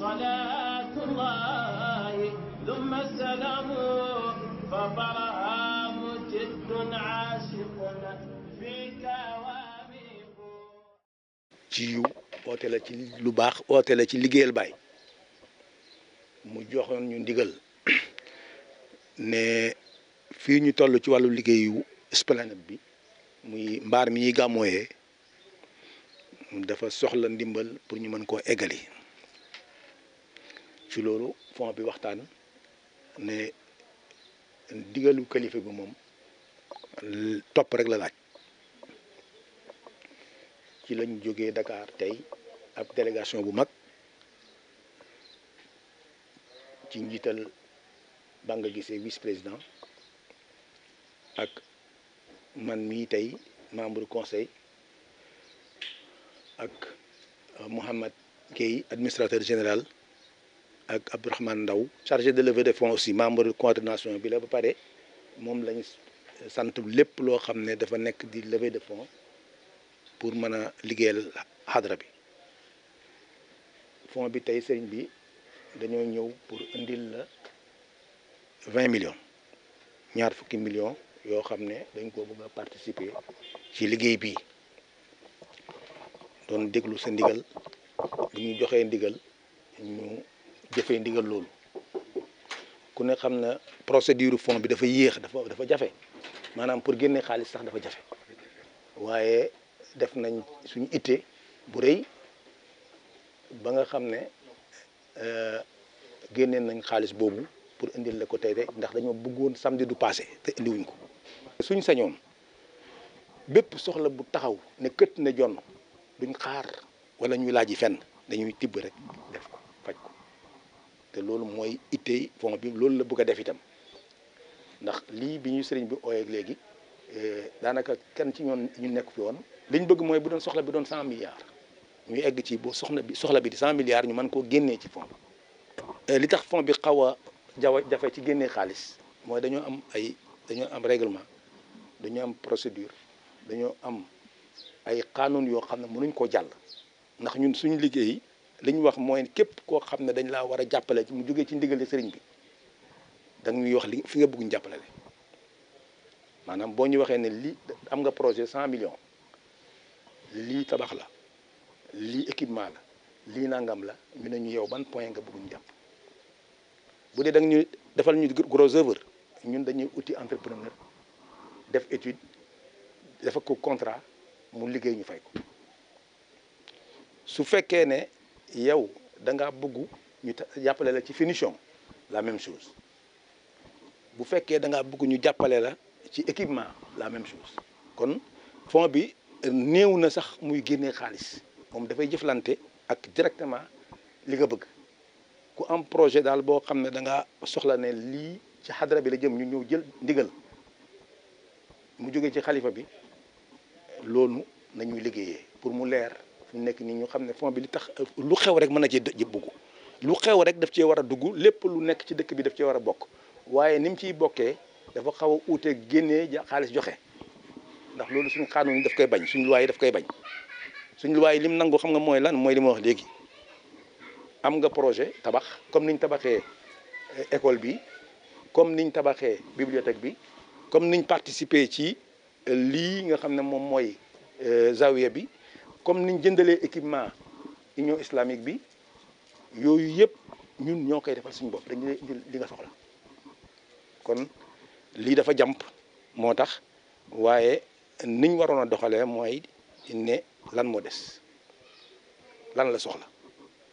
صلاة الله ثم السلام فطرها مجد عاشق فيك واميق ci yiw oote la ci lu baax oote la ci liggéeyal baay mu joxoon ñu ndigal ne fii ñu toll ci wàllu liggéeyu esplanade bi muy mbaar mi ñuy gàmmooyee dafa soxla ndimbal pour ñu mën koo eggali ci loolu fond bi waxtaan ne digalu kilifa bi moom topp rek la laaj ci lañ jógee ndakaar tey ab délégation bu mag ci njiital nga Gissé vice président ak man mi tey membre conseil ak Mouhamad Gueye administrateur général ak Abdourahmane Ndaw chargé de levée de fonds aussi membre coordination bi la ba pare moom lañ sant lépp loo xam ne dafa nekk di levée de fonds pour mën a liggéeyal xadra bi fonds bi tey sëriñ bi dañoo ñëw pour indil la million ñaar fukki million yoo xam ne dañ ko bëgg a participer ci liggéey bi doon déglu sa ndigal bu joxee ndigal ñu jëfee ndigal loolu ku ne xam na procédure fond bi dafa yéex dafa dafa jafe maanaam pour génne xaalis sax dafa jafe waaye def nañ suñu itte bu rëy ba nga xam ne euh, génne nañ xaalis boobu pour indil la ko tey de ndax dañoo bëggoon samedi du passé te indiwuñ ko suñ sañoon bépp soxla bu taxaw ne kët ne jonn duñ xaar wala ñuy laaj yi fenn dañuy tibb rek te loolu mooy ittey fond bi loolu la bëgg def itam ndax lii bi ñu sëriñ bi ooyeeg léegi eh, daanaka kenn ci ñoon ñu nekk fi woon liñ bëgg mooy bu doon soxla bi doon cent milliards ñu egg ci boo soxna bi soxla bi di cent milliards ñu man koo génnee ci fond bi eh, li tax fond bi xaw a jawa jafe ci génnee xaalis mooy dañoo am ay dañoo am réglement dañoo am procédure dañoo am ay xaanoon yoo xam ne mënuñ koo jàll ndax ñun suñu liggéey li ñu wax mooy képp koo xam ne dañ laa war a jàppale mu jógee ci ndigal sëriñ bi da ñuy wax li fi nga bëgg ñu jàppale maanaam boo ñu waxee ne lii am nga projet cent lii tabax la lii équipement la lii nangam la ñu ne ñu yow ban point nga bëgg ñu jàpp bu dee da ñu defal ñu gros œuvre ñun dañuy outil entrepreneur def étude dafa ko contrat mu liggéey ñu fay ko su fekkee ne. yow da ngaa bëgg ñu jàppale la ci finition la même chose bu fekkee danga ngaa bëgg ñu jàppale la ci équipement la même chose kon fond bi néew na sax muy génnee xaalis moom dafay jëflante ak directement li nga bëgg ku am projet daal boo xam ne da nga soxla ne lii ci xadra bi la jëm ñu ñëw jël ndigal mu jógee ci xalifa bi loolu nañuy liggéeyee pour mu leer fi nekk ni ñu xam ne fond bi li tax lu xew rek mën a cee buggu lu xew rek daf cee war a dugg lépp lu nekk ci dëkk bi daf cee war a bokk waaye ni ciy bokkee dafa xaw a uute génnee ja xaalis joxe ndax loolu suñ xaanoon yi daf koy bañ suñu luwaay daf koy bañ suñu luwaay yi lim nangu xam nga mooy lan mooy li ma wax léegi am nga projet tabax comme niñ tabaxee eh, école bi comme niñ tabaxee bibliothèque bi comme niñ participer ci eh, lii nga xam ne moom mooy eh, zawiya bi comme niñ jëndalee équipement union islamique bi yooyu yëpp ñun ñoo koy defar suñu bopp dañu lay indil li nga soxla kon lii dafa jàmp moo tax waaye niñ waroon a doxalee mooy ne lan moo des lan la soxla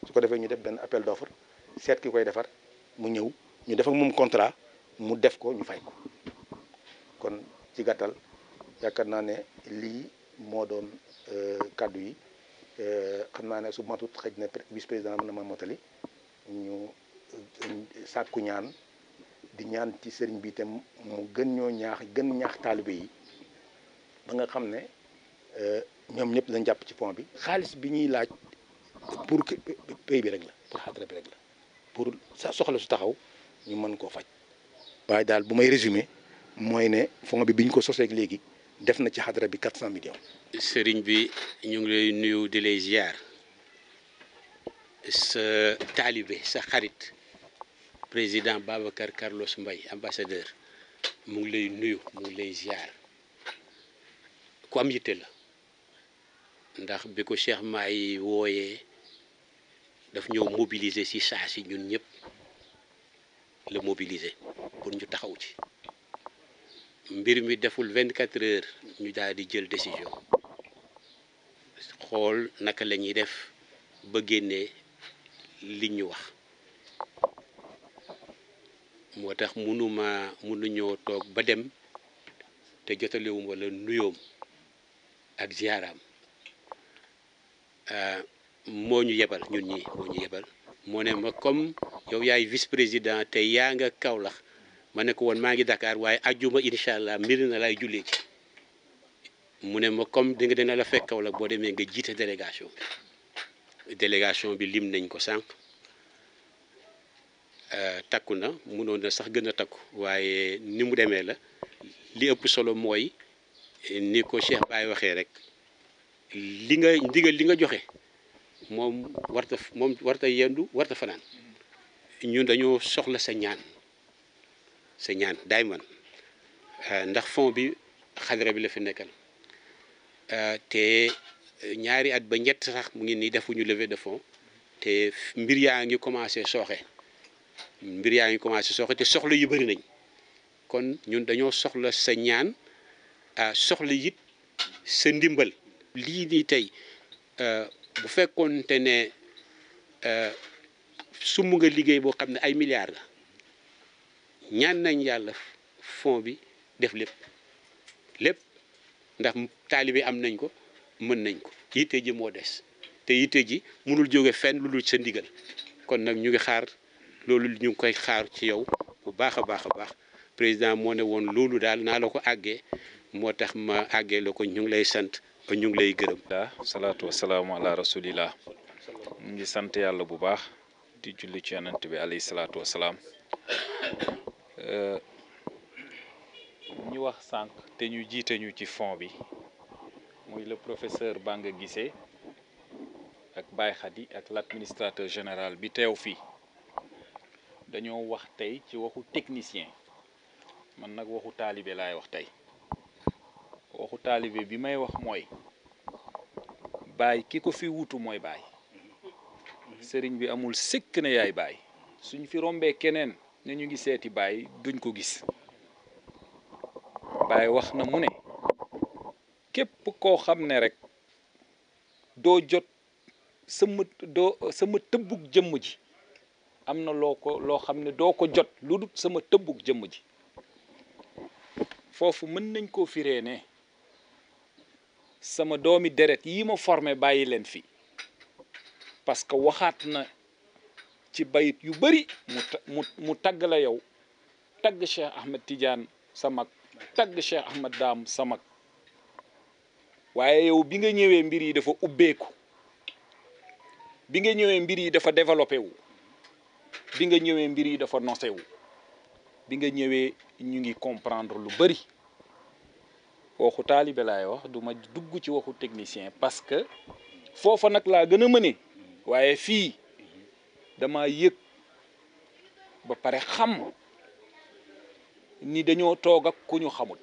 su ko defee ñu def benn appel d'offre seet ki koy defar mu ñëw ñu def moom contrat mu def ko ñu fay ko kon ci gàttal yaakaar naa ne lii moo doon Euh, kàddu yi euh, xam naa ne su matut xëj na vice président mën na ma motali ñu euh, sàkku ñaan di ñaan ci sëriñ bi itam mu gën ñoo ñaax gën ñaax taalibe yi ba nga xam ne ñoom ñëpp dañ jàpp ci pont bi xaalis bi ñuy laaj pour pays bi rek la pour xadra bi rek la pour soxla su taxaw ñu mën koo faj waaye daal bu may résumé mooy ne fond bi biñ ko soseek léegi def na ci xadara bi 400 millions. sëriñ bi ñu ngi lay nuyu di lay ziar sa taalibe sa xarit président Babacar Carlos mbay ambassadeur mu ngi lay nuyu mu ngi lay ziar ku am yitte la ndax bi ko Cheikh Maay wooyee daf ñëw mobiliser ci saa si ñun ñëpp la mobiliser pour ñu taxaw ci. mbir mi deful vingt quatre heures ñu daal di jël décision xool naka la ñuy def ba génnee li ñu wax moo tax mënuma mënuñoo toog ba dem te jotalewuma la nuyoom ak ziaram euh, moo ñu yebal ñun ñi moo ñu yebal moo ne ma comme yow yaay vice président te yaa nga Kaolack ma ne ko woon maa ngi Dakar waaye ajjuma incha allah mbir na laay jullee ci mu ne ma comme di nga dina la fekk wala boo demee nga jiite délégation bi délégation bi lim nañ ko sànq euh, takku na munoon na sax gën a takku waaye ni mu demee la li ëpp solo mooy ni ko Cheikh baay waxee rek li nga ndigal li nga joxe moom warta moom warta yendu warta fanaan ñun dañoo soxla sa ñaan sa ñaan daay man euh, ndax fond bi xadra bi la fi nekkal euh, te euh, ñaari at ba ñett sax mu ngi nii defuñu levée de fonds te mbir yaa ngi commencé sooxe mbir yaa ngi commencé sooxe te soxla yu bëri nañ kon ñun dañoo soxla sa ñaan soxla yit sa ndimbal lii nii tey bu fekkoonte ne sumb nga liggéey boo xam ne ay milliards la ñaan nañ yàlla fond bi def lépp lépp ndax taalibe am nañ ko mën nañ ko yitte ji moo des te yitte ji mënul jóge fenn lu dul sa ndigal kon nag ñu ngi xaar loolu ñu ngi koy xaar ci yow bu baax a baax a baax président moo ne woon loolu daal naa la ko àggee moo tax ma àggee la ko ñu ngi lay sant ñu ngi lay gërëm. salaatu wasalaamu ala rasulillah ñu ngi sant yàlla bu baax di julli ci yonent bi alayhi salaatu wasalaam Euh, ñu wax sànq te ñu jiite ñu ci fond bi muy le professeur baa nga gisee ak Baye Khady ak l'administrateur général bi teew fii dañoo wax tey ci waxu technicien man nag waxu taalibe laay wax tey waxu taalibe bi may wax mooy baay ki ko fi wutu mooy baay sëriñ bi amul sikk ne yaay baay suñ fi rombee keneen ne ñu ngi seeti Baye duñ ko gis Baye wax na mu ne képp koo xam ne rek doo jot sama doo sama tëbbug jëmm ji am na loo ko loo xam ne doo ko jot lu dul sama tëbbug jëmm ji foofu mën nañ koo firee ne sama doomi deret yi ma forme bàyyi leen fi parce waxaat na ci bayit yu bëri mu mu mu la yow tagg Cheikh Ahmed Tidiane sa mag tagg Cheikh Ahmed Daam sa mag waaye yow bi nga ñëwee mbir yi dafa ubbeeku bi nga ñëwee mbir yi dafa développé wu bi nga ñëwee mbir yi dafa nosé wu bi nga ñëwee ñu ngi comprendre lu bëri waxu taalibe laay wax du ma dugg ci waxu technicien parce que foofa nag laa gën a mëne waaye fii dama yëg ba pare xam ni dañoo toog ak ku ñu xamut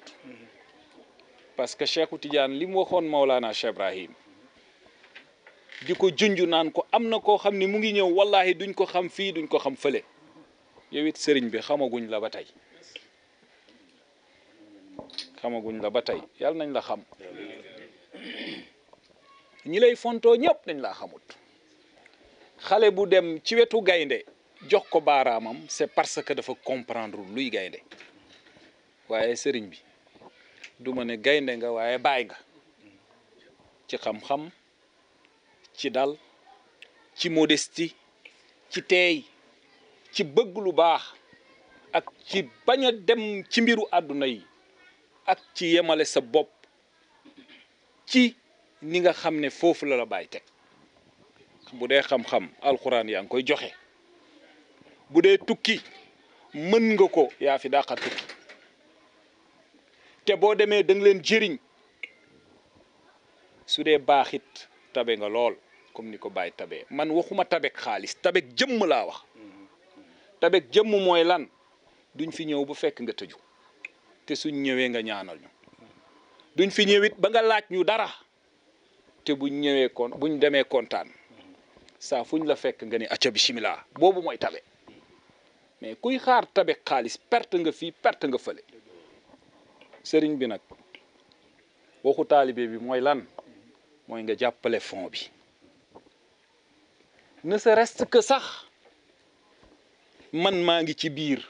parce que Cheikhu tijaan li mu waxoon Maulana Cheikh Ibrahim di ko junj naan ko am na koo xam ni mu ngi ñëw wallahi duñ ko xam fii duñ ko xam fële yow it sëriñ bi xamaguñ la ba tey xamaguñ la ba tey yàlla nañ la xam ñi lay fontoo ñëpp dañ laa xamut xale bu dem ci wetu gaynde jox ko baaraamam c'est parce que dafa comprendre luy gaynde waaye sëriñ bi du ma ne gaynde nga waaye baay nga ci xam-xam ci dal ci modestie ci teey ci bëgg lu baax ak ci bañ a dem ci mbiru àdduna yi ak ci yemale sa bopp ci ni nga xam ne foofu la la bàyyi teg bu dee xam-xam alxuraan yaa ngi koy joxe bu dee tukki mën nga ko yaa fi dàqa tukki te boo demee da leen jëriñ su dee baaxit tabe nga lool comme ni ko bàyyi tabe man waxuma tabek xaalis tabek jëmm laa wax tabek jëmm mooy lan duñ fi ñëw bu fekk nga tëju te suñ ñëwee nga ñaanal ñu fi ñëwit ba nga laaj ñu dara te buñ ñëwee kon buñ demee kontaan saa fuñ la fekk nga ne acca bisimilah boobu mooy tabe mais kuy xaar tabe xaalis perte nga fi perte nga fële sëriñ bi nag waxu taalibe bi mooy lan mooy nga jàppale fond bi ne se reste sax man maa ngi ci biir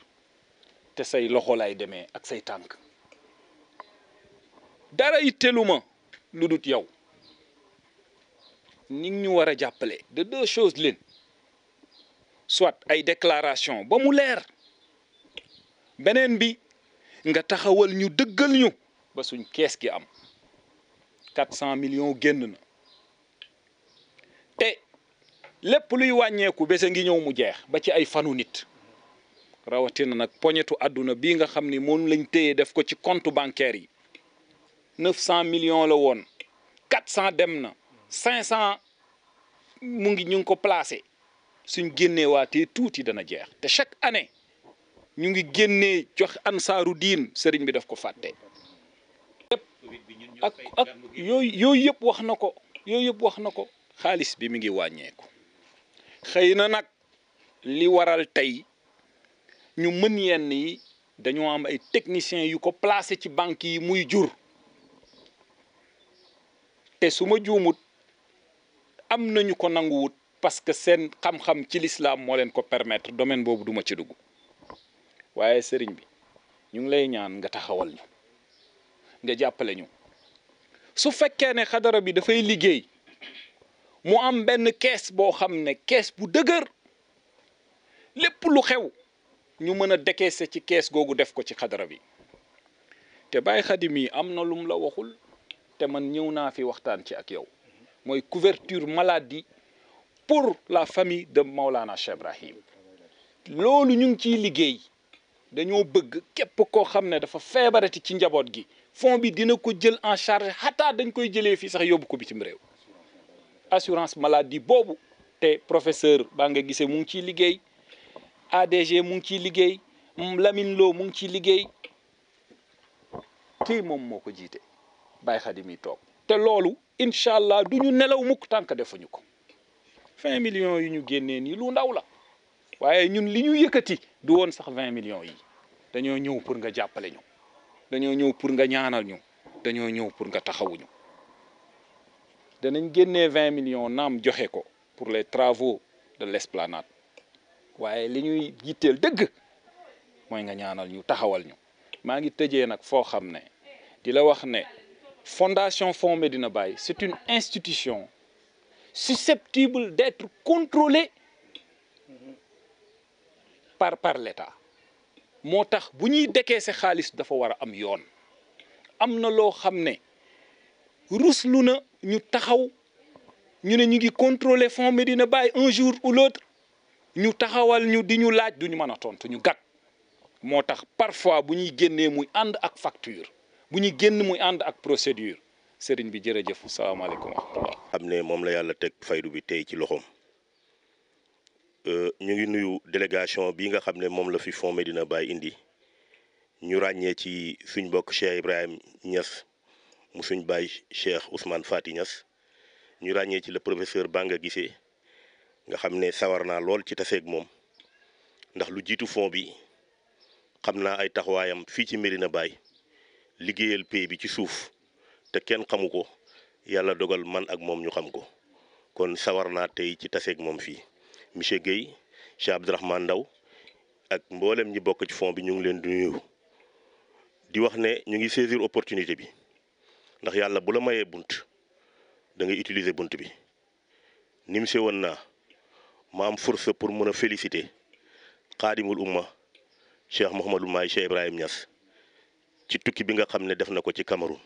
te say loxo lay demee ak say tànk dara yitteelu ma lu dut yow ñi ngi ñu war a jàppale de deux choses leen soit ay déclaration ba mu leer beneen bi nga taxawal ñu dëggal ñu ba suñ kees gi am quatre cent millions génn na te lépp luy wàññeeku bés a ngi ñëw mu jeex ba ci ay fanu nit rawatina nag poñetu àdduna bi nga xam ni moom lañ téye def ko ci compte bancaire yi neuf cent millions la woon quatre cent dem na cent mu ngi ñu ngi ko placé suñ génnee waatee tuuti dana jeex te chaque année ñu ngi génnee jox ansaaru diin sëriñ bi daf ko fàtte. ak ak yooyu yëpp wax na ko yooyu yëpp wax na ko xaalis bi mi ngi wàññeeku xëy na nag li waral tey ñu mën yenn yi dañoo am ay techniciens yu ko placé ci banque yi muy jur te suma ma juumut. am nañu ko nanguwut parce que seen xam-xam ci lislaam moo leen ko permettre domaine boobu duma ci dugg waaye sëriñ bi ñu ngi lay ñaan nga taxawal ñu nga jàppale ñu su fekkee ne xadara bi dafay liggéey mu am benn kees boo xam ne kees bu dëgër lépp lu xew ñu mën a décaissé ci kees googu def ko ci xadara bi te bàyyi Xadim mii am na lum la waxul te man ñëw naa fi waxtaan ci ak yow mooy couverture maladie pour la famille de Maulana Cheikh loolu ñu ngi ciy liggéey dañoo bëgg képp koo xam ne dafa feebarati ci njaboot gi fond bi dina ko jël en charge xataa dañ koy jëlee fii sax yóbbu ko bitim réew assurance maladie boobu te professeur baa nga gisee mu ngi ciy liggéey ADG mu ngi ciy liggéey Lamine Lo mu ngi ciy liggéey kii moom moo ko jiite Baye Xadim mi toog te loolu incha allah du ñu nelaw mukk tànk defuñu ko vingt millions yi ñu génnee nii lu ndaw la waaye ñun li ñu yëkkati du woon sax vingt millions yi dañoo ñëw pour nga jàppale ñu dañoo ñëw pour nga ñaanal ñu dañoo ñëw pour nga taxawuñu danañ génne vingt million naam joxe ko pour les travaux de l'esplanade waaye li ñuy yitteel dëgg mooy nga ñaanal ñu taxawal ñu maa ngi tëjee nag foo xam ne di la wax ne Fondation Fonds dina bàyyi c'est une institution susceptible d'être contrôlée par par l'État moo tax bu ñuy décaisser xaalis dafa war a am yoon am na loo xam ne ruslu na ñu taxaw ñu ne ñu ngi contrôler Fonds Medina Baye un jour ou l'autre ñu taxawal ñu di ñu laaj duñu mën a tontu ñu gàtt moo tax parfois bu ñuy génnee muy ànd ak facture bu ñu génn muy ànd ak procédure sëriñ bi jërëjëf salaamaaleykum wa rahmatulah. xam ne moom la yàlla teg faydu bi tey ci loxoom euh, ñu ngi nuyu délégation bi nga xam ne moom la fi Fonds Médina Baye indi ñu ràññee ci suñ bokk Cheikh ibrahim ñas mu suñ baay Cheikh Ousmane Fati Niass ñu ràññee ci la professeur Banga Guissé nga xam ne sawar naa lool ci taseeg moom ndax lu jiitu fond bi xam naa ay taxawaayam fii ci Médina Baye liggéeyal pays bi ci suuf te kenn xamu ko yàlla dogal man ak moom ñu xam ko kon sawar naa tey ci taseeg moom fii monsieur Guèye Cheikh Abdourahmane Ndaw ak mboolem ñi bokk ci fond bi ñu ngi leen di nuyu di wax ne ñu ngi saisir opportunité bi ndax yàlla bu la mayee bunt da ngay utiliser bunt bi ni mu woon naa ma am force pour mën a féliciter xaadimul umma Cheikh Mouhamadou Maye Cheikh Ibrahim ñas ci tukki bi nga xam ne def na ko ci Cameroun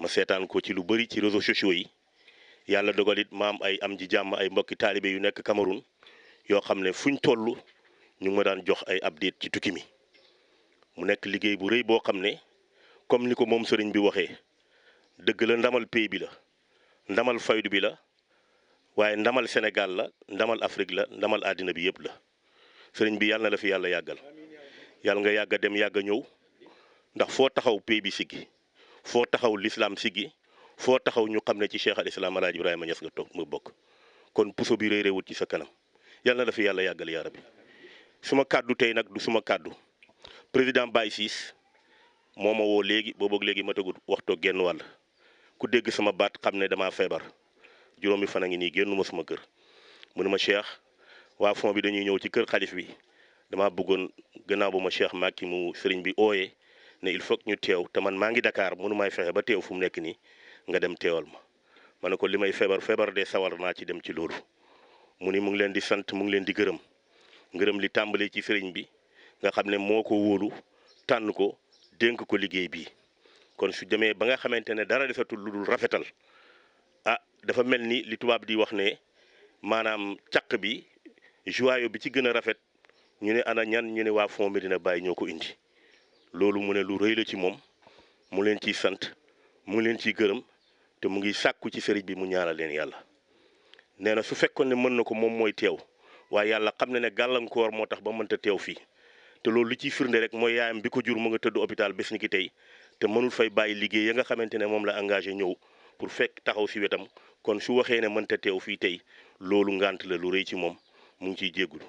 ma seetaan ko ci lu bëri ci réseaux sociaux yi yàlla dogal it ma ay am ji jàmm ay mbokki taalibe yu nekk Cameroun yoo xam ne fu ñu toll ñu ma daan jox ay update ci tukki mi mu nekk liggéey bu rëy boo xam ne comme ni ko moom sëriñ bi waxee dëgg la ndamal pays bi la ndamal faydu bi la waaye ndamal Sénégal la ndamal Afrique la ndamal àddina bi yëpp la sëriñ bi yàlla na la fi yàlla yàggal yàlla nga yàgg a dem yàgg a ñëw ndax foo taxaw pay bi siggi foo taxaw lislaam siggi foo taxaw ñu xam ne ci cheikh al islam alaaji ibrahima ñas nga toog mu bokk kon puso bi réeré wut ci sa kanam yàlla na la yàlla yàggal yaara bi suma kàddu tey nag du suma kàddu président Baye Ciss moo ma woo léegi booboog léegi ma tëggut waxtoo genn wàll ku dégg sama baat xam ne damaa feebar juróomi fan a ngi nii génnuma suma kër mu ne ma cheikh waa fond bi dañuy ñëw ci kër xalif bi damaa buggoon gannaaw bu ma cheikh Macky mu sëriñ bi ooyee ne il faut ñu teew te man maa ngi dakaar mënu may fexe ba teew fu mu nekk nii nga dem teewal ma ma ne ko li may feebar feebar de sawar naa ci dem ci loolu mu ni mu ngi leen di sant mu ngi leen di gërëm ngërëm li tàmbalee ci sëriñ bi nga xam ne moo ko wóolu tànn ko dénk ko liggéey bi kon su demee ba nga xamante ne dara desatul lu dul rafetal ah dafa mel ni li tubaab di wax ne maanaam caq bi joyau bi ci gën a rafet ñu ne ana ñan ñu ne waa Fond Médina Baye ñoo ko indi loolu mu ne lu rëy la ci moom mu leen ciy sant mu ngi leen ciy gërëm te mu ngi sàkku ci sëriñ bi mu ñaanal leen yàlla nee na su fekkoon ne mën na ko moom mooy teew waaye yàlla xam na ne gàllankoor moo tax ba mënta teew fii te loolu li ciy firnde rek mooy yaayam bi ko jur mu nga tëdd hôpital bés ni ki tey te mënul fay bàyyi liggéey ya nga xamante ne moom la engagé ñëw pour fekk taxaw si wetam kon su waxee ne mënta teew fii tey loolu ngant la lu rëy ci moom mu ngi ciy jéggulu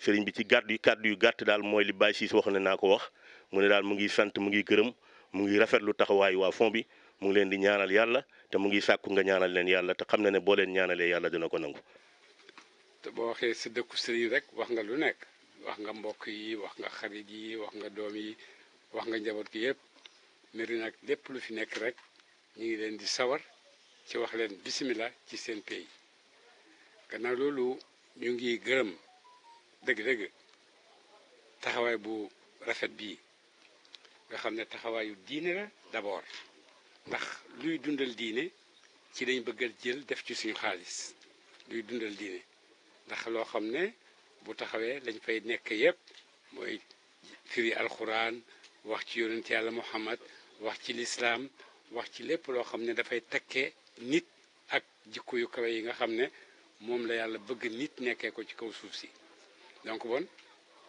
sëriñ bi ci gàddu yi kàddu yu gàtt daal mooy li bàyyi siis wax ne naa ko wax mu ne daal mu ngi sant mu ngi gërëm mu ngi rafetlu taxawaayu waa fond bi mu ngi leen di ñaanal yàlla te mu ngi sàkku nga ñaanal leen yàlla te xam na ne boo leen ñaanalee yàlla dina ko nangu. te boo waxee sa dëkku sëriñ rek wax nga lu nekk wax nga mbokk yi wax nga xarit yi wax nga doom yi wax nga njaboot gi yëpp mbir nag lépp lu fi nekk rek ñu ngi leen di sawar ci wax leen bisimilah ci seen pays gannaaw loolu ñu ngi gërëm dëgg-dëgg taxawaay bu rafet bii. nga xam ne taxawaayu diine la d'abord ndax luy dundal diine ci dañ bëgg a jël def ci suñu xaalis luy dundal diine ndax loo xam ne bu taxawee lañ fay nekk yépp mooy firi alxuraan wax ci yonent yàlla muhammad wax ci lislaam wax ci lépp loo xam ne dafay takkee nit ak jikko yu kawe yi nga xam ne moom la yàlla bëgg nit nekkee ko ci kaw suuf si donc bon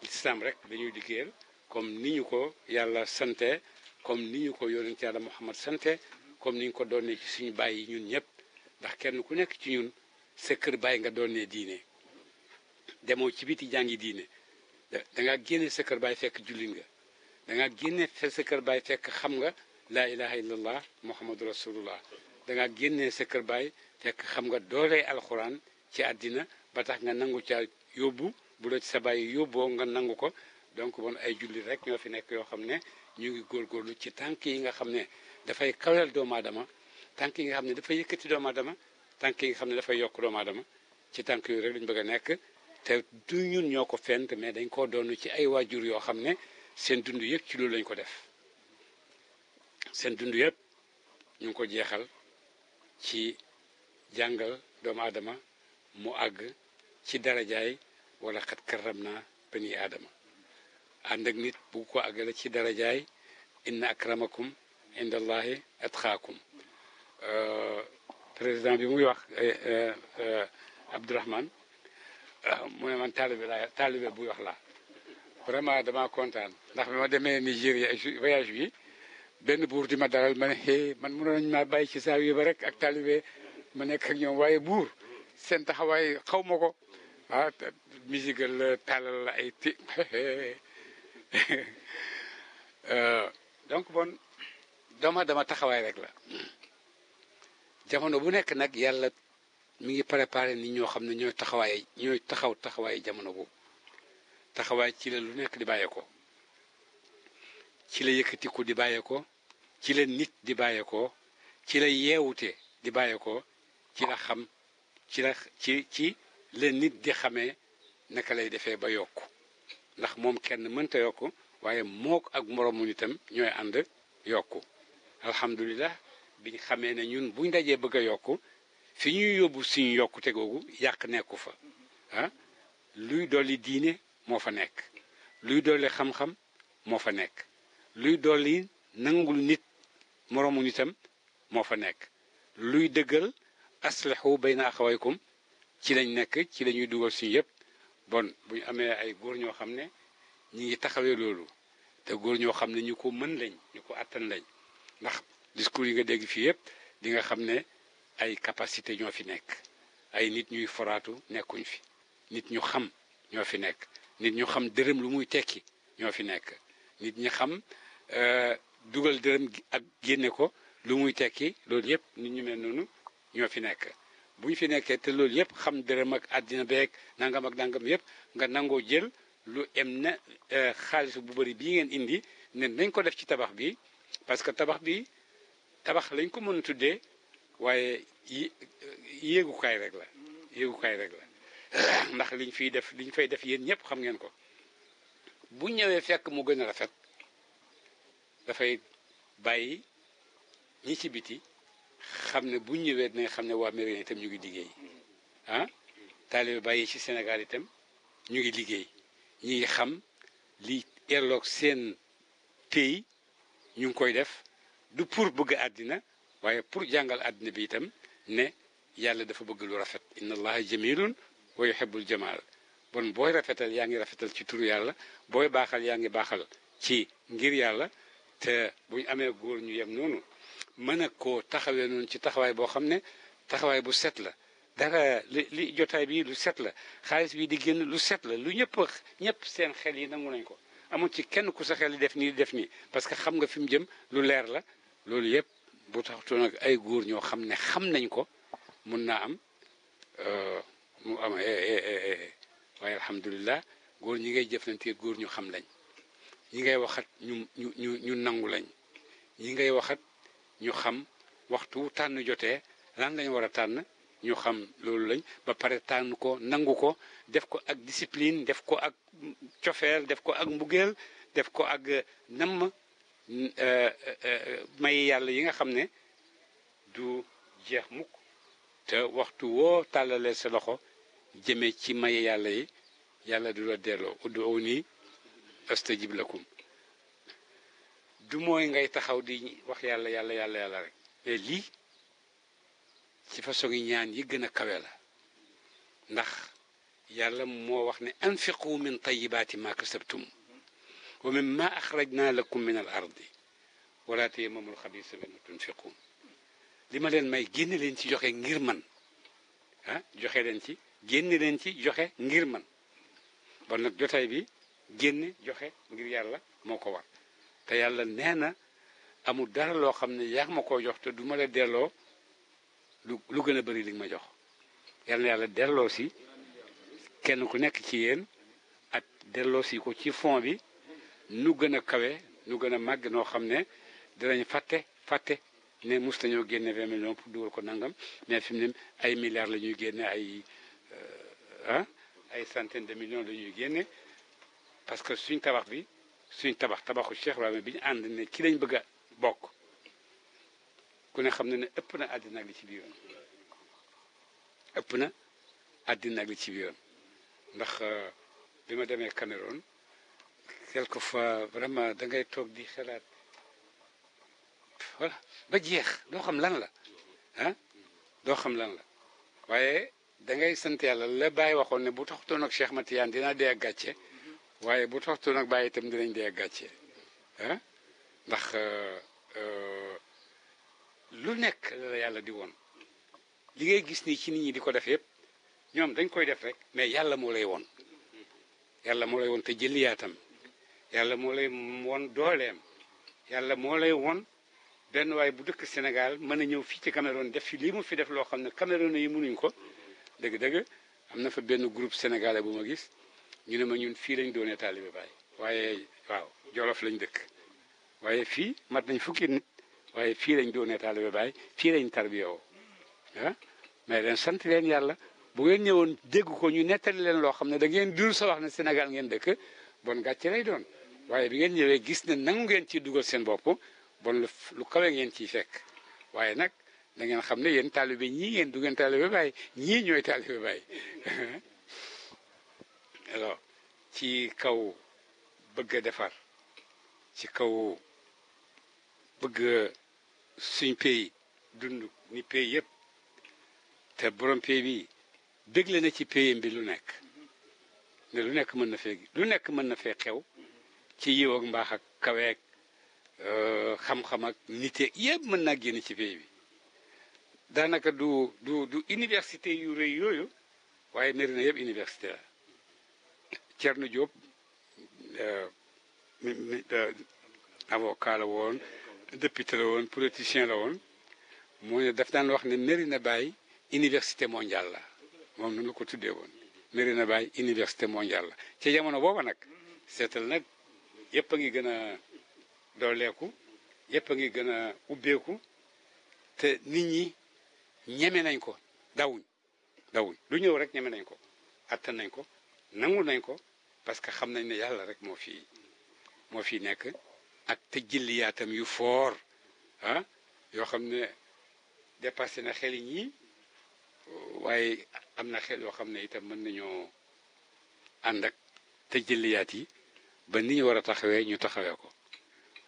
lislaam rek dañuy liggéeyal comme ni ñu ko yàlla sante comme ni ñu ko yonent yàlla Muhammad sante comme ni ñu ko doonee ci suñu bàyyi ñun ñëpp ndax kenn ku nekk ci ñun sa kër bàyyi nga doonee diine demoo ci biti jàngi diine da danga génne sa kër bàyyi fekk jullit nga da nga génne sa kër bàyyi fekk xam nga laa ilaha illallah muhammadu rasulullah da nga génne sa kër bàyyi xam nga doolee alxuraan ci àddina ba tax nga nangu ca yóbbu bu la ci sa bàyyi yóbboo nga nangu ko donc bon ay jullit rek ñoo fi nekk yoo xam ne ñu ngi góorgóorlu ci tànk yi nga xam ne dafay kaweel doomaadama tànk yi nga xam ne dafay yëkkati doomu aadama tànk yi nga xam ne dafay yokk doomu ci tànk yooyu rek lañ bëgg a nekk te du ñun ñoo ko fent mais dañ koo doon ci ay waajur yoo xam ne seen dund yëpp ci loolu lañ ko def seen dund yëpp ñu ngi ko jeexal ci jàngal doomu aadama mu àgg ci darajaay wala xat karram naa bani aadama ànd ak nit bu ko àggale ci darajaay inna akramakum indallahi atqaakum euh, président bi muy wax eh, eh, eh, Abdourahmane ah, mu ne man taalibe laa taalibe buy wax la vraiment dama kontaan ndax bi ma demee Nigéria voyage bi benn buur di ma dalal ma ne hey man mënoon nañu maa bàyyi ci saa yu ba rek ak taalibe ma nekk ak ñoom waaye buur seen taxawaay xawma ko ah musique la taalal la ay ti Euh, donc bon dama dama taxawaay rek la jamono bu nekk nag yàlla mu ngi préparé nit ñoo xam ne ñooy taxawaay ñooy taxaw taxawaay jamono bu taxawaay ci la lu nekk di bàyyee ci la yëkkatiku di bàyyeekoo ci la nit di bàyyeekoo ci la yeewute di bàyyee ci la xam ci la ci ci la nit di xamee naka lay defee ba yokk ndax moom kenn mënta yokk waaye mook ak moromu itam ñooy ànd yokku alhamdulilah biñ xamee ne ñun buñ dajee bëgg a yokku fi ñuy yóbbu suñu yokkute googu yàq nekku fa luy dolli diine moo fa nekk luy dolli xam-xam moo fa nekk luy dolli nangul nit moromu nitam moo fa nekk luy dëggal aslihu bayna axawaykum ci lañ nekk ci lañuy dugal suñu yëpp bon bu ñu amee ay góor ñoo xam ne ñi ngi taxawee loolu te góor ñoo xam ne ñu ko mën lañ ñu ko àttan lañ ndax discours yi nga dégg fii yëpp di nga xam ne ay capacité ñoo fi nekk ay nit ñuy foraatu nekkuñ fi nit ñu xam ñoo fi nekk nit ñu xam dërëm lu muy tekki ñoo fi nekk nit ñi xam euh, dugal dërëm ak génne ko lu muy tekki loolu yëpp nit ñu mel noonu ñoo fi nekk bu ñu fi nekkee te loolu yëpp xam dërëm ak àddina beeg nangam ak nangam yëpp nga nangoo jël lu em na euh, xaalis bu bëri bii ngeen indi ne nañ ko def ci tabax bi parce que tabax bi tabax lañ ko mën a tuddee waaye euh, yéegukaay rek la yéegukaay rek la ndax liñ fiy def liñ fay def yéen ñëpp xam ngeen ko bu ñëwee fekk mu gën a rafet dafay bàyyi ñi ci biti xam ne bu ñëwee dinañ xam ne waa Médina itam ñu ngi liggéey ah taalibe bàyyi ci Sénégal itam ñu ngi liggéey ñi ngi xam li erloog seen pays ñu ngi koy def du pour bëgg àddina waaye pour jàngal àddina bi itam ne yàlla dafa bëgg lu rafet inna allaha jamilun wa yuhibbul jamal bon booy rafetal yaa ngi rafetal ci turu yàlla booy baaxal yaa ngi baaxal ci ngir yàlla te bu ñu amee góor ñu yem noonu mën a koo taxawee noonu ci taxawaay boo xam ne taxawaay bu set la dara li li jotaay bi lu set la xaalis bi di génn lu set la lu ñëpp ñëpp seen xel yi nangu nañ ko amul ci kenn ku sa xel yi def nii def nii parce que xam nga fi mu jëm lu leer la loolu yëpp bu taxutoon nag ay góor ñoo xam ne xam nañ ko mun naa am euh, mu am eh, eh, eh, waaye alhamdulilah góor ñi ngay jëflante góor ñu xam lañ ñi ngay waxat ñu ñu ñu nangu lañ ñi ngay waxat ñu xam waxtu tànn jotee lan lañ war a tànn ñu xam loolu lañ ba pare tànn ko nangu ko def ko ak discipline def ko ak cofeel def ko ak mbugeel def ko ak euh, namm euh, euh, may yàlla yi nga xam ne du jeex mukk te waxtu woo tàllalee sa loxo jëmee ci may yàlla yi yàlla du la delloo ud'uuni astajib lakum du mooy ngay taxaw di wax yàlla yàlla yàlla yàlla rek mais lii ci façon yi ñaan yi gën a kawe la ndax yàlla moo wax ne anfiqu min tayibaati ma kasabtum wa min ma axrajna lakum min al ardi wala tayammamul xabiisa minhu tunfiquun li ma leen may génn leen ci joxe ngir man ah joxe leen ci génn leen ci joxe ngir man bon nag jotaay bi génn joxe ngir yàlla moo ko wax te yàlla nee na amul dara loo xam ne yaa ma ko jox te duma la delloo lu lu gën a bëri li ma jox yal yàlla delloo si kenn ku nekk ci yéen ak delloo si ko ci fond bi nu gën a kawe nu gën a màgg noo xam ne dinañ fàtte fàtte ne mus nañoo génne vingt millions pour dugal ko nangam mais fi mu ne ay milliards la ñuy génne ay euh, ah ay centaines de million la ñuy génne parce que suñ tabax bi suñ tabax tabaxu Cheikh Ibrahima bi ñu ànd ne ci lañ bëgg bokk ku ne xam ne ne ëpp na àddina ak li ci biiroon ëpp na àddina ak li ci biiroon ndax euh, bi ma demee Cameroun quelque fois vraiment da ngay toog di xalaat voilà ba jeex doo xam lan la ah doo xam lan la waaye da ngay sant yàlla la bàyyi waxoon ne bu taxutoon ak Cheikh Matiane dinaa dee ak gàcce. waaye bu toxtu nag bàyyi itam dinañ dee gàcce ah ndax euh, euh, lu nekk la la yàlla di woon li ngay gis nii ci nit ñi di ko def yëpp ñoom dañ koy def rek mais yàlla moo lay woon yàlla moo lay woon te jëliyaatam yàlla moo lay woon dooleem yàlla moo lay woon benn waaye bu dëkk Sénégal mën a ñëw fii ci Cameroun def fi lii mu fi def loo xam ne Cameroun yi mënuñ ko dëgg-dëgg am na fa benn groupe sénégalais bu ma gis ñu ne ma ñun fii lañ doonee taalibe Baay waaye waaw Jolof lañ dëkk waaye fii mat nañ fukki nit waaye fii lañ doonee taalibe Baay fii lañ tarbiyoo ah mais leen sant leen yàlla bu ngeen ñëwoon dégg ko ñu nettali leen loo xam ne da ngeen dul sa wax ne senegal ngeen dëkk bon gàcce lay doon waaye bi ngeen ñëwee gis ne nangu ngeen ci dugal seen bopp bon lu kawe ngeen ciy fekk waaye nag da xam ne yéen taalibe ñii ngeen du ngeen taalibe Baay ñii ñooy taalibe Baay alors ci kaw bëgg defar ci kaw bëgg suñ pays dund ni pays yëpp te borom pays bi dégle na ci pays bi lu nekk ne lu nekk mën na fee lu nekk mën na fee xew ci yiw ak mbaax ak kaweek euh, xam-xam ak nite yëpp mën naa génn ci pays bi daanaka du du du université yu rëy yooyu waaye Médina yëpp université la Cerno Diop euh, euh, avocat la woon député la woon politicien la woon moo ne daf daan wax ne Médina Baye université mondiale la moom nu la ko tuddee woon Médina Baye université mondiale la ci jamono booba nag seetal nag yëpp a ngi gën a dooleeku yëpp a ngi gën a ubbeeku te nit ñi ñeme nañ ko dawuñ dawuñ lu ñëw rek ñeme nañ ko attan nañ ko nangu nañ ko parce que xam nañ ne yàlla rek moo fi moo fi nekk ak te tëjëliyaatam yu foor ah yoo xam ne dépassé na xel yi ñii waaye am na xel yoo xam ne itam mën nañoo ànd ak te jëliyaat yi ba ni ñu war a taxawee ñu taxawee ko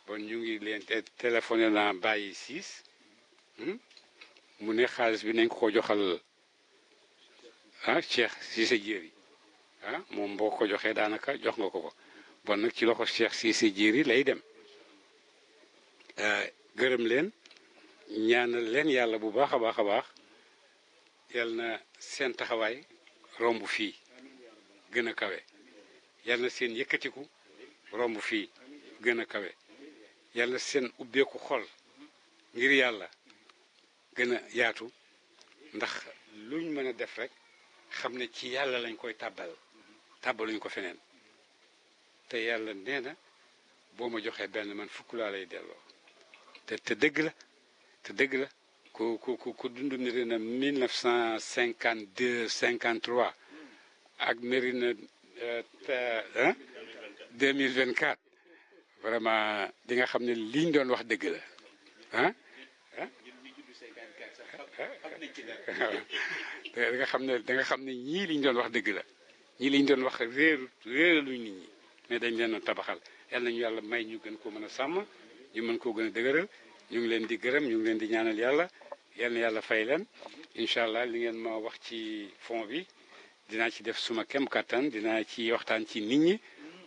bon ñu ngi leen téléphoné naa bàyyi siis hmm, mu ne xaalis bi nañ ko ko joxal ah Cheikh si sa jéer yi moom mboo ko joxee daanaka jox nga ko ko bon nag ci loxo Cheikh si Diéry lay dem euh, gërëm leen ñaanal leen yàlla bu baax a baax a baax yal na seen taxawaay romb fii gën a kawe yàlla seen yëkkatiku romb fii gën a kawe yal seen ubbeeku xol ngir yàlla gën a yaatu ndax luñ mën a def rek xam ne ci yàlla lañ koy tàbbal tàbbaluñ ko feneen te yàlla nee na boo ma joxee benn man fukk laa lay delloo te te dëgg la te dëgg la ku ku ku dundu Médina 1952 53 ak euh, vingt 2024 vraiment di nga xam ne liñ doon wax dëgg la ah. da nga xam ne da nga xam ne ñii liñ doon wax dëgg la ñi liñ doon wax réeru réeraluñ nit ñi mais dañ leen a tabaxal yal nañu yàlla may ñu gën koo mën a sàmm ñu mën koo gën a dëgëral ñu ngi leen di gërëm ñu ngi leen di ñaanal yàlla yal na yàlla fay leen incha allah li ngeen ma wax ci fond bi dinaa ci def suma kem kattan dinaa ci waxtaan ci nit ñi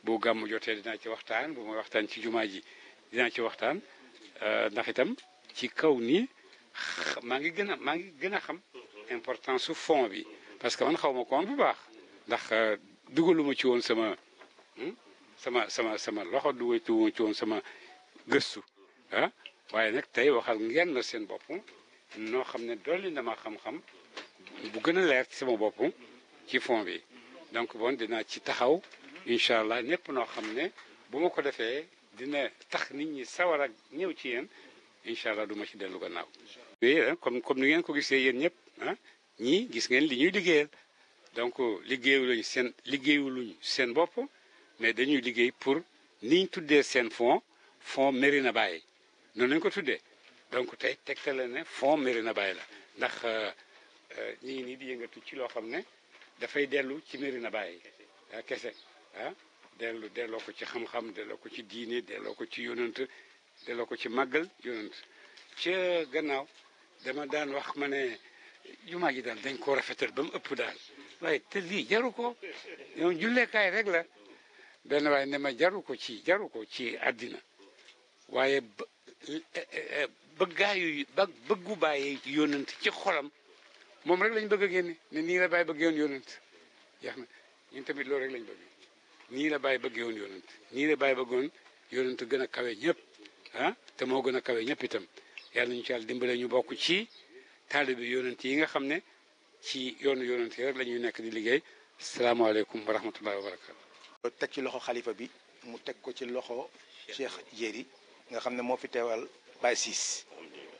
boo gàmmu jotee dinaa ci waxtaan bu ma waxtaan ci jumaa ji dinaa ci waxtaan euh, ndax itam ci kaw nii maa ngi gën a maa gën a xam important su fond bi parce que man xaw ma koon bu ndax euh, dugaluma ci woon sama hmm, sama sama sama loxo dugaluma ci woon sama gëstu ah. waaye nag tey waxal ngeen na seen bopp noo xam ne dolli na ma xam-xam bu gën a leer ci sama bopp ci fond bi donc bon dinaa ci taxaw incha allah ñëpp noo xam ne bu ma ko defee dina tax nit ñi sawar ak ñëw ci yéen incha allah duma ci dellu gannaaw. yooyu comme comme ni ngeen ko gisee yéen ñëpp ah gis ngeen li ñuy liggéeyal. donc euh, liggéeyu lañu seen liggéeyu seen bopp mais dañuy liggéey pour niñ tuddee seen fond fond Médina bàyyi noonu lañ ko tuddee donc tey tegtale ne fond Médina bàyyi la ndax euh, euh, ñi ngi nii di yëngatu ci loo xam ne dafay dellu ci Médina Baye ah, kese ah, dellu delloo ko ci xam-xam delloo ko ci diine delloo ko ci yonant delloo ko ci màggal yonant ci gannaaw dama daan wax ma ne jumaa ji daal dañ koo rafetal ba mu ëpp daal waaye te jaru ko ñoom jullekaay rek la benn waaye ne ma jaru ko ci jaru ko ci àddina waaye bëggaayu e, e, e, ba bëggu bàyyi yónant ci xolam moom rek lañ bëgg a génne ne nii la bàyyi bëgg yoon yónant yax na ñun tamit loolu rek lañ nii la bàyyi bëgg yoon yónant nii la bàyyi bëggoon yónant gën a kawe ñëpp ah te moo gën a kawe ñëpp itam yàlla ñu ci yàlla dimbale ñu bokk ci taalibe yónant yi nga xam ne ci yoonu yonent yi rek la nekk di liggéey salaamaaleykum wa rahmatullahi wa barakaatu. teg ci loxo xalifa bi mu teg ko ci loxo Cheikh Jéeri nga xam ne moo fi teewal Baye Ciss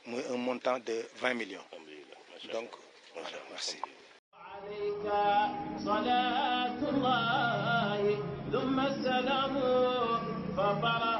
muy un montant de vingt millions donc voilà merci. صلاة الله